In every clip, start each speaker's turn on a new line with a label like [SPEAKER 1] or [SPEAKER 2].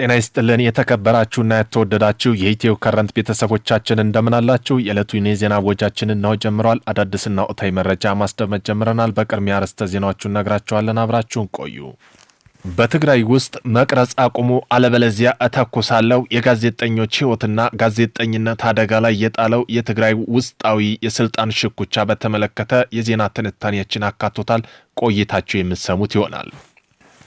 [SPEAKER 1] ጤና ይስጥልን የተከበራችሁና የተወደዳችሁ የኢትዮ ከረንት ቤተሰቦቻችን እንደምን አላችሁ? የዕለቱን የዜና ወጃችን እናው ጀምረዋል። አዳዲስና ወቅታዊ መረጃ ማስደመጥ ጀምረናል። በቅድሚያ ርዕሰ ዜናዎቹን ነግራችኋለን። አብራችሁን ቆዩ። በትግራይ ውስጥ መቅረጽ አቁሙ፣ አለበለዚያ እተኩሳለሁ። የጋዜጠኞች ሕይወትና ጋዜጠኝነት አደጋ ላይ የጣለው የትግራይ ውስጣዊ የስልጣን ሽኩቻ በተመለከተ የዜና ትንታኔያችን አካቶታል። ቆይታችሁ የምትሰሙት ይሆናል።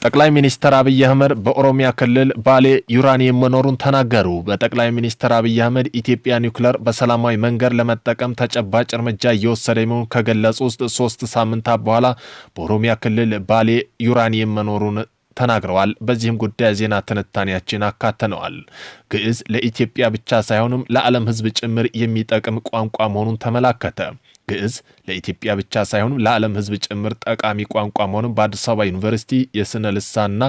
[SPEAKER 1] ጠቅላይ ሚኒስትር አብይ አህመድ በኦሮሚያ ክልል ባሌ ዩራኒየም መኖሩን ተናገሩ። በጠቅላይ ሚኒስትር አብይ አህመድ ኢትዮጵያ ኒውክለር በሰላማዊ መንገድ ለመጠቀም ተጨባጭ እርምጃ እየወሰደ መሆኑን ከገለጹ ውስጥ ሶስት ሳምንታት በኋላ በኦሮሚያ ክልል ባሌ ዩራኒየም መኖሩን ተናግረዋል። በዚህም ጉዳይ ዜና ትንታኔያችን አካተነዋል። ግዕዝ ለኢትዮጵያ ብቻ ሳይሆንም ለዓለም ሕዝብ ጭምር የሚጠቅም ቋንቋ መሆኑን ተመላከተ። ግዕዝ ለኢትዮጵያ ብቻ ሳይሆን ለዓለም ሕዝብ ጭምር ጠቃሚ ቋንቋ መሆኑን በአዲስ አበባ ዩኒቨርሲቲ የስነ ልሳና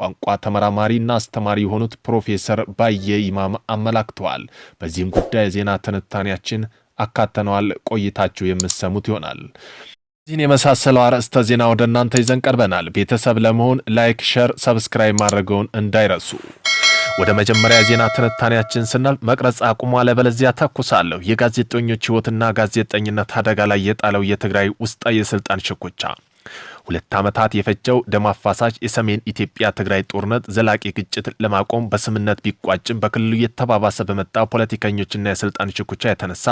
[SPEAKER 1] ቋንቋ ተመራማሪና አስተማሪ የሆኑት ፕሮፌሰር ባየ ይማም አመላክተዋል። በዚህም ጉዳይ ዜና ትንታኔያችን አካተነዋል። ቆይታችሁ የምሰሙት ይሆናል። ዚህን የመሳሰለው አርዕስተ ዜና ወደ እናንተ ይዘን ቀርበናል። ቤተሰብ ለመሆን ላይክ፣ ሸር፣ ሰብስክራይብ ማድረገውን እንዳይረሱ ወደ መጀመሪያ ዜና ትንታኔያችን ስናል መቅረጽ አቁሙ፣ አለበለዚያ ተኩሳለሁ። የጋዜጠኞች ህይወትና ጋዜጠኝነት አደጋ ላይ የጣለው የትግራይ ውስጣ የስልጣን ሽኩቻ ሁለት ዓመታት የፈጀው ደም አፋሳሽ የሰሜን ኢትዮጵያ ትግራይ ጦርነት ዘላቂ ግጭት ለማቆም በስምነት ቢቋጭም በክልሉ እየተባባሰ በመጣ ፖለቲከኞችና የስልጣን ሽኩቻ የተነሳ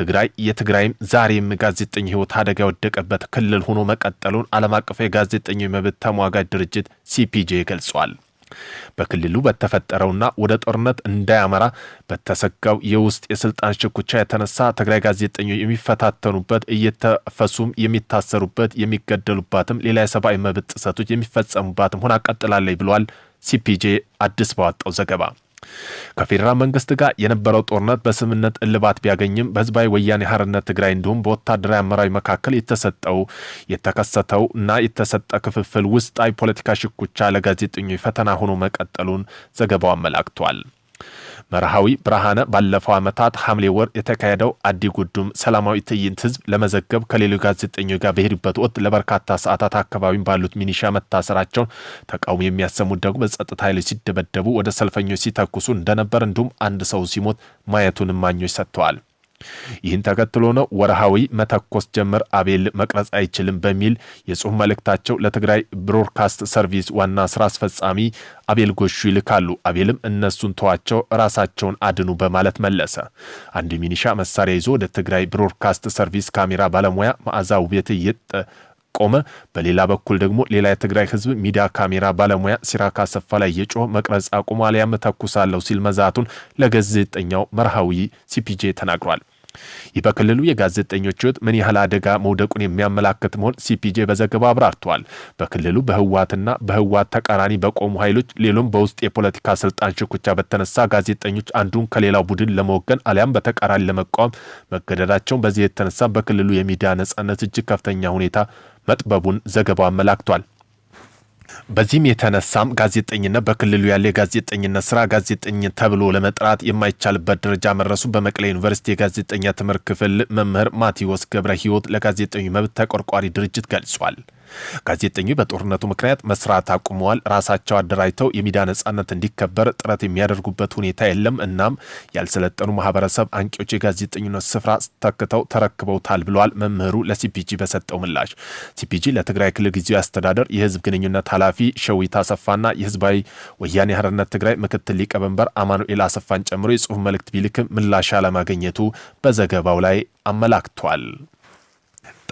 [SPEAKER 1] ትግራይ የትግራይም ዛሬም ጋዜጠኝ ህይወት አደጋ የወደቀበት ክልል ሆኖ መቀጠሉን ዓለም አቀፍ የጋዜጠኞች መብት ተሟጋጅ ድርጅት ሲፒጄ ገልጿል። በክልሉ በተፈጠረውና ወደ ጦርነት እንዳያመራ በተሰጋው የውስጥ የስልጣን ሽኩቻ የተነሳ ትግራይ ጋዜጠኞች የሚፈታተኑበት እየተፈሱም የሚታሰሩበት የሚገደሉባትም ሌላ የሰብአዊ መብት ጥሰቶች የሚፈጸሙባትም ሆና ቀጥላለች ብለዋል ሲፒጄ አዲስ ባወጣው ዘገባ። ከፌዴራል መንግስት ጋር የነበረው ጦርነት በስምምነት እልባት ቢያገኝም በህዝባዊ ወያኔ ሀርነት ትግራይ እንዲሁም በወታደራዊ አመራዊ መካከል የተሰጠው የተከሰተው እና የተሰጠ ክፍፍል ውስጣዊ ፖለቲካ ሽኩቻ ለጋዜጠኞች ፈተና ሆኖ መቀጠሉን ዘገባው አመላክቷል። መርሃዊ ብርሃነ ባለፈው ዓመታት ሐምሌ ወር የተካሄደው አዲ ጉዱም ሰላማዊ ትዕይንት ህዝብ ለመዘገብ ከሌሎች ጋዜጠኞች ጋር በሄዱበት ወቅት ለበርካታ ሰዓታት አካባቢም ባሉት ሚኒሻ መታሰራቸውን ተቃውሞ የሚያሰሙት ደግሞ በጸጥታ ኃይሎች ሲደበደቡ፣ ወደ ሰልፈኞች ሲተኩሱ እንደነበር እንዲሁም አንድ ሰው ሲሞት ማየቱን እማኞች ሰጥተዋል። ይህን ተከትሎ ነው ወርሃዊ መተኮስ ጀምር አቤል መቅረጽ አይችልም በሚል የጽሁፍ መልእክታቸው ለትግራይ ብሮድካስት ሰርቪስ ዋና ስራ አስፈጻሚ አቤል ጎሹ ይልካሉ። አቤልም እነሱን ተዋቸው፣ ራሳቸውን አድኑ በማለት መለሰ። አንድ ሚኒሻ መሳሪያ ይዞ ወደ ትግራይ ብሮድካስት ሰርቪስ ካሜራ ባለሙያ መዓዛ ውቤት ቆመ። በሌላ በኩል ደግሞ ሌላ የትግራይ ህዝብ ሚዲያ ካሜራ ባለሙያ ሲራክ አሰፋ ላይ የጮህ መቅረጽ አቁሙ አሊያም ተኩሳለሁ ሲል መዛቱን ለጋዜጠኛው መርሃዊ ሲፒጄ ተናግሯል። ይህ በክልሉ የጋዜጠኞች ህይወት ምን ያህል አደጋ መውደቁን የሚያመላክት መሆን ሲፒጄ በዘገባ አብራርተዋል። በክልሉ በህዋትና በህዋት ተቃራኒ በቆሙ ኃይሎች ሌሎም በውስጥ የፖለቲካ ስልጣን ሽኩቻ በተነሳ ጋዜጠኞች አንዱን ከሌላው ቡድን ለመወገን አሊያም በተቃራኒ ለመቃወም መገደዳቸውን በዚህ የተነሳ በክልሉ የሚዲያ ነጻነት እጅግ ከፍተኛ ሁኔታ መጥበቡን ዘገባው አመላክቷል። በዚህም የተነሳም ጋዜጠኝነት በክልሉ ያለ የጋዜጠኝነት ስራ ጋዜጠኝ ተብሎ ለመጥራት የማይቻልበት ደረጃ መድረሱ በመቀሌ ዩኒቨርሲቲ የጋዜጠኛ ትምህርት ክፍል መምህር ማቴዎስ ገብረ ሕይወት ለጋዜጠኙ መብት ተቆርቋሪ ድርጅት ገልጿል። ጋዜጠኞች በጦርነቱ ምክንያት መስራት አቁመዋል። ራሳቸው አደራጅተው የሚዲያ ነጻነት እንዲከበር ጥረት የሚያደርጉበት ሁኔታ የለም። እናም ያልሰለጠኑ ማህበረሰብ አንቂዎች የጋዜጠኝነት ስፍራ ተክተው ተረክበውታል ብለዋል መምህሩ ለሲፒጂ በሰጠው ምላሽ። ሲፒጂ ለትግራይ ክልል ጊዜያዊ አስተዳደር የህዝብ ግንኙነት ኃላፊ ሸዊት አሰፋና የህዝባዊ ወያኔ ሓርነት ትግራይ ምክትል ሊቀመንበር አማኑኤል አሰፋን ጨምሮ የጽሁፍ መልእክት ቢልክም ምላሽ አለማግኘቱ በዘገባው ላይ አመላክቷል።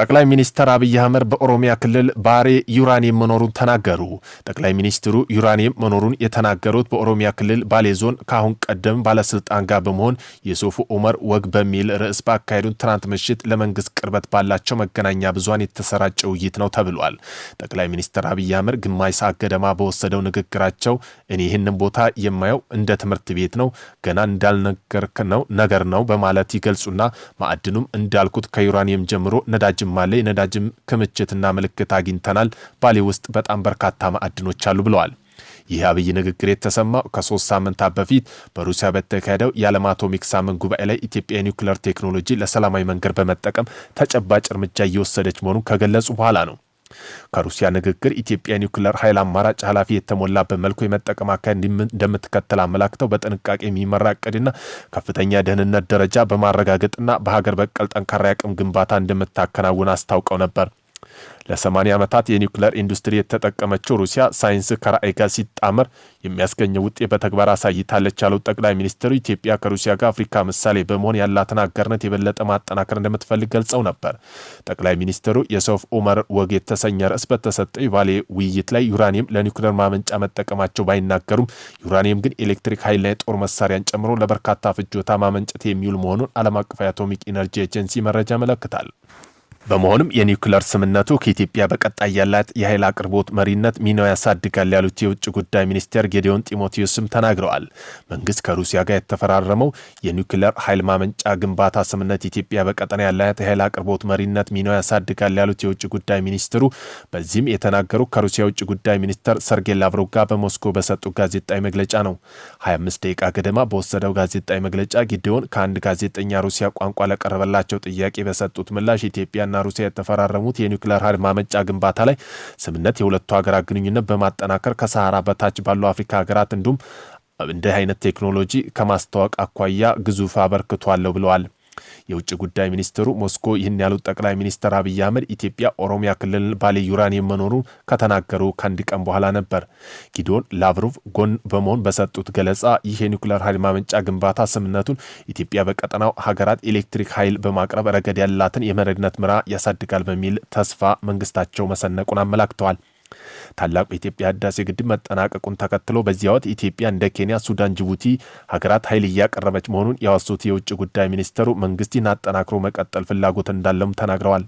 [SPEAKER 1] ጠቅላይ ሚኒስትር አብይ አህመድ በኦሮሚያ ክልል ባሬ ዩራኒየም መኖሩን ተናገሩ። ጠቅላይ ሚኒስትሩ ዩራኒየም መኖሩን የተናገሩት በኦሮሚያ ክልል ባሌ ዞን ከአሁን ቀደም ባለስልጣን ጋር በመሆን የሶፉ ኡመር ወግ በሚል ርዕስ ባካሄዱን ትናንት ምሽት ለመንግስት ቅርበት ባላቸው መገናኛ ብዙን የተሰራጨ ውይይት ነው ተብሏል። ጠቅላይ ሚኒስትር አብይ አህመድ ግማሽ ሰዓት ገደማ በወሰደው ንግግራቸው እኔ ይህንን ቦታ የማየው እንደ ትምህርት ቤት ነው፣ ገና እንዳልነገርክ ነው ነገር ነው በማለት ይገልጹና ማዕድኑም እንዳልኩት ከዩራኒየም ጀምሮ ነዳጅም አለ። የነዳጅም ክምችትና ምልክት አግኝተናል። ባሌ ውስጥ በጣም በርካታ ማዕድኖች አሉ ብለዋል። ይህ አብይ ንግግር የተሰማው ከሶስት ሳምንታት በፊት በሩሲያ በተካሄደው የዓለም አቶሚክ ሳምንት ጉባኤ ላይ ኢትዮጵያ የኒውክለር ቴክኖሎጂ ለሰላማዊ መንገድ በመጠቀም ተጨባጭ እርምጃ እየወሰደች መሆኑን ከገለጹ በኋላ ነው። ከሩሲያ ንግግር ኢትዮጵያ ኒውክሌር ኃይል አማራጭ ኃላፊ የተሞላበት መልኩ የመጠቀም አካሄድ እንደምትከተል አመላክተው በጥንቃቄ የሚመራ እቅድና ከፍተኛ ደህንነት ደረጃ በማረጋገጥና በሀገር በቀል ጠንካራ አቅም ግንባታ እንደምታከናውን አስታውቀው ነበር። ለ80 ዓመታት የኒውክሌር ኢንዱስትሪ የተጠቀመችው ሩሲያ ሳይንስ ከራእይ ጋር ሲጣመር የሚያስገኘው ውጤት በተግባር አሳይታለች ያለው ጠቅላይ ሚኒስትሩ ኢትዮጵያ ከሩሲያ ጋር አፍሪካ ምሳሌ በመሆን ያላትን አጋርነት የበለጠ ማጠናከር እንደምትፈልግ ገልጸው ነበር። ጠቅላይ ሚኒስትሩ የሶፍ ኡመር ወግ የተሰኘ ርዕስ በተሰጠው የባሌ ውይይት ላይ ዩራኒየም ለኒውክሌር ማመንጫ መጠቀማቸው ባይናገሩም ዩራኒየም ግን ኤሌክትሪክ ኃይል ላይ ጦር መሳሪያን ጨምሮ ለበርካታ ፍጆታ ማመንጨት የሚውል መሆኑን ዓለም አቀፍ የአቶሚክ ኢነርጂ ኤጀንሲ መረጃ ያመለክታል። በመሆኑም የኒውክለር ስምነቱ ከኢትዮጵያ በቀጣይ ያላት የኃይል አቅርቦት መሪነት ሚናው ያሳድጋል ያሉት የውጭ ጉዳይ ሚኒስቴር ጌዲዮን ጢሞቴዎስም ተናግረዋል። መንግስት ከሩሲያ ጋር የተፈራረመው የኒውክለር ኃይል ማመንጫ ግንባታ ስምነት ኢትዮጵያ በቀጠና ያላት የኃይል አቅርቦት መሪነት ሚናው ያሳድጋል ያሉት የውጭ ጉዳይ ሚኒስትሩ በዚህም የተናገሩ ከሩሲያ የውጭ ጉዳይ ሚኒስትር ሰርጌይ ላቭሮቭ ጋር በሞስኮ በሰጡ ጋዜጣዊ መግለጫ ነው። 25 ደቂቃ ገደማ በወሰደው ጋዜጣዊ መግለጫ ጌዲዮን ከአንድ ጋዜጠኛ ሩሲያ ቋንቋ ለቀረበላቸው ጥያቄ በሰጡት ምላሽ ኢትዮጵያ ኢትዮጵያና ሩሲያ የተፈራረሙት የኒውክሌር ኃይል ማመንጫ ግንባታ ላይ ስምነት የሁለቱ ሀገራት ግንኙነት በማጠናከር ከሰሃራ በታች ባሉ አፍሪካ ሀገራት እንዲሁም እንዲህ አይነት ቴክኖሎጂ ከማስተዋወቅ አኳያ ግዙፍ አበርክቷለሁ ብለዋል። የውጭ ጉዳይ ሚኒስትሩ ሞስኮ ይህን ያሉት ጠቅላይ ሚኒስትር አብይ አህመድ ኢትዮጵያ ኦሮሚያ ክልል ባሌ ዩራኒየም መኖሩን ከተናገሩ ከአንድ ቀን በኋላ ነበር። ጊዶን ላቭሮቭ ጎን በመሆን በሰጡት ገለጻ ይህ የኒኩሌር ኃይል ማመንጫ ግንባታ ስምምነቱን ኢትዮጵያ በቀጠናው ሀገራት ኤሌክትሪክ ኃይል በማቅረብ ረገድ ያላትን የመረድነት ምራ ያሳድጋል በሚል ተስፋ መንግስታቸው መሰነቁን አመላክተዋል። ታላቁ የኢትዮጵያ ህዳሴ ግድብ መጠናቀቁን ተከትሎ በዚያ ወቅት ኢትዮጵያ እንደ ኬንያ፣ ሱዳን፣ ጅቡቲ ሀገራት ኃይል እያቀረበች መሆኑን ያወሱት የውጭ ጉዳይ ሚኒስተሩ መንግስትን አጠናክሮ መቀጠል ፍላጎት እንዳለም ተናግረዋል።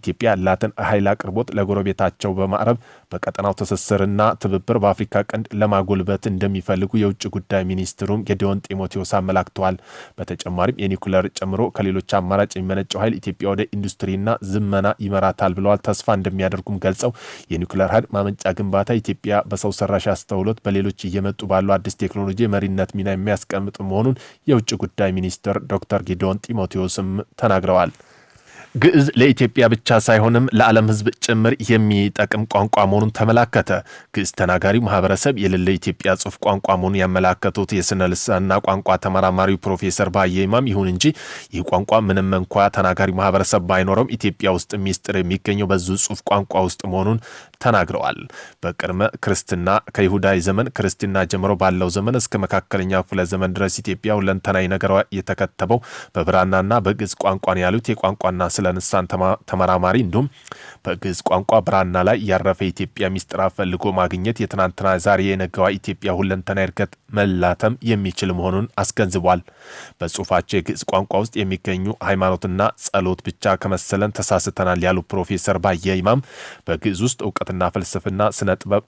[SPEAKER 1] ኢትዮጵያ ያላትን ኃይል አቅርቦት ለጎረቤታቸው በማቅረብ በቀጠናው ትስስርና ትብብር በአፍሪካ ቀንድ ለማጎልበት እንደሚፈልጉ የውጭ ጉዳይ ሚኒስትሩም ጌዲዮን ጢሞቴዎስ አመላክተዋል። በተጨማሪም የኒኩለር ጨምሮ ከሌሎች አማራጭ የሚመነጨው ኃይል ኢትዮጵያ ወደ ኢንዱስትሪና ዝመና ይመራታል ብለዋል። ተስፋ እንደሚያደርጉም ገልጸው የኒኩለር የብርሃን ማመንጫ ግንባታ ኢትዮጵያ በሰው ሰራሽ አስተውሎት በሌሎች እየመጡ ባሉ አዲስ ቴክኖሎጂ መሪነት ሚና የሚያስቀምጥ መሆኑን የውጭ ጉዳይ ሚኒስትር ዶክተር ጌዲዮን ጢሞቴዎስም ተናግረዋል። ግዕዝ ለኢትዮጵያ ብቻ ሳይሆንም ለዓለም ሕዝብ ጭምር የሚጠቅም ቋንቋ መሆኑን ተመላከተ። ግዕዝ ተናጋሪው ማህበረሰብ የሌለ ኢትዮጵያ ጽሑፍ ቋንቋ መሆኑን ያመላከቱት የስነ ልሳንና ቋንቋ ተመራማሪው ፕሮፌሰር ባየ ይማም፣ ይሁን እንጂ ይህ ቋንቋ ምንም እንኳ ተናጋሪ ማህበረሰብ ባይኖረውም ኢትዮጵያ ውስጥ ሚስጥር የሚገኘው በዙ ጽሑፍ ቋንቋ ውስጥ መሆኑን ተናግረዋል። በቅድመ ክርስትና ከይሁዳዊ ዘመን ክርስትና ጀምሮ ባለው ዘመን እስከ መካከለኛ ክፍለ ዘመን ድረስ ኢትዮጵያ ሁለንተናዊ ነገሯ የተከተበው በብራናና በግዕዝ ቋንቋን ያሉት የቋንቋና ስለ ለንሳን ተመራማሪ እንዲሁም በግዕዝ ቋንቋ ብራና ላይ ያረፈ የኢትዮጵያ ሚስጥር ፈልጎ ማግኘት የትናንትና ዛሬ የነገዋ ኢትዮጵያ ሁለንተና እድገት መላተም የሚችል መሆኑን አስገንዝቧል። በጽሁፋቸው የግዕዝ ቋንቋ ውስጥ የሚገኙ ሃይማኖትና ጸሎት ብቻ ከመሰለን ተሳስተናል ያሉ ፕሮፌሰር ባየ ይማም በግዕዝ ውስጥ እውቀትና ፍልስፍና፣ ስነ ጥበብ፣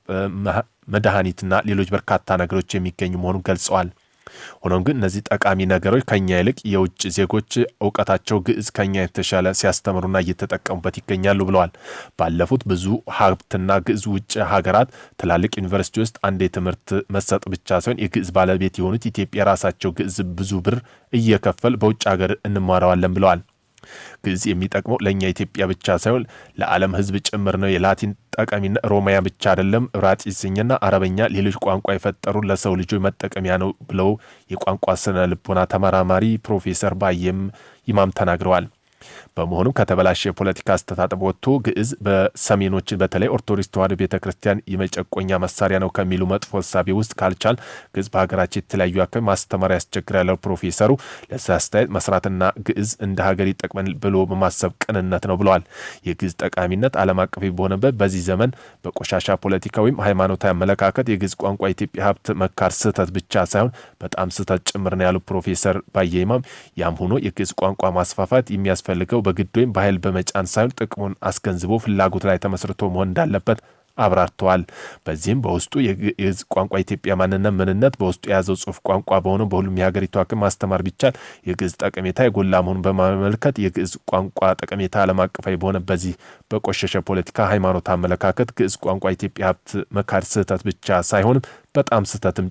[SPEAKER 1] መድኃኒትና ሌሎች በርካታ ነገሮች የሚገኙ መሆኑን ገልጸዋል። ሆኖም ግን እነዚህ ጠቃሚ ነገሮች ከኛ ይልቅ የውጭ ዜጎች እውቀታቸው ግዕዝ ከኛ የተሻለ ሲያስተምሩና እየተጠቀሙበት ይገኛሉ ብለዋል። ባለፉት ብዙ ሀብትና ግዕዝ ውጭ ሀገራት ትላልቅ ዩኒቨርሲቲ ውስጥ አንድ የትምህርት መሰጥ ብቻ ሳይሆን የግዕዝ ባለቤት የሆኑት ኢትዮጵያ የራሳቸው ግዕዝ ብዙ ብር እየከፈል በውጭ ሀገር እንማረዋለን ብለዋል። ግዕዝ የሚጠቅመው ለእኛ ኢትዮጵያ ብቻ ሳይሆን ለዓለም ሕዝብ ጭምር ነው። የላቲን ጠቃሚና ሮማያ ብቻ አይደለም። ዕብራይስጥኛና አረበኛ፣ ሌሎች ቋንቋ የፈጠሩ ለሰው ልጆች መጠቀሚያ ነው ብለው የቋንቋ ስነ ልቦና ተመራማሪ ፕሮፌሰር ባየም ይማም ተናግረዋል። በመሆኑም ከተበላሸ የፖለቲካ አስተሳሰብ ወጥቶ ግዕዝ በሰሜኖች በተለይ ኦርቶዶክስ ተዋሕዶ ቤተ ክርስቲያን የመጨቆኛ መሳሪያ ነው ከሚሉ መጥፎ ሀሳቤ ውስጥ ካልቻል ግዕዝ በሀገራችን የተለያዩ አካባቢ ማስተማር ያስቸግር ያለው ፕሮፌሰሩ ለዚህ አስተያየት መስራትና ግዕዝ እንደ ሀገር ይጠቅመን ብሎ በማሰብ ቅንነት ነው ብለዋል። የግዕዝ ጠቃሚነት ዓለም አቀፍ በሆነበት በዚህ ዘመን በቆሻሻ ፖለቲካ ወይም ሃይማኖታዊ አመለካከት የግዕዝ ቋንቋ የኢትዮጵያ ሀብት መካር ስህተት ብቻ ሳይሆን በጣም ስህተት ጭምር ነው ያሉ ፕሮፌሰር ኢማም ያም ሆኖ የግዕዝ ቋንቋ ማስፋፋት የሚያስፈ የሚያስፈልገው በግድ ወይም በኃይል በመጫን ሳይሆን ጥቅሙን አስገንዝቦ ፍላጎት ላይ ተመስርቶ መሆን እንዳለበት አብራርተዋል። በዚህም በውስጡ የግዕዝ ቋንቋ የኢትዮጵያ ማንነት ምንነት በውስጡ የያዘው ጽሑፍ ቋንቋ በሆነው በሁሉም የሀገሪቱ አቅም ማስተማር ቢቻል የግዕዝ ጠቀሜታ የጎላ መሆኑን በማመልከት የግዕዝ ቋንቋ ጠቀሜታ ዓለም አቀፋዊ በሆነ በዚህ በቆሸሸ ፖለቲካ ሃይማኖት አመለካከት ግዕዝ ቋንቋ የኢትዮጵያ ሀብት መካድ ስህተት ብቻ ሳይሆንም በጣም ስህተትም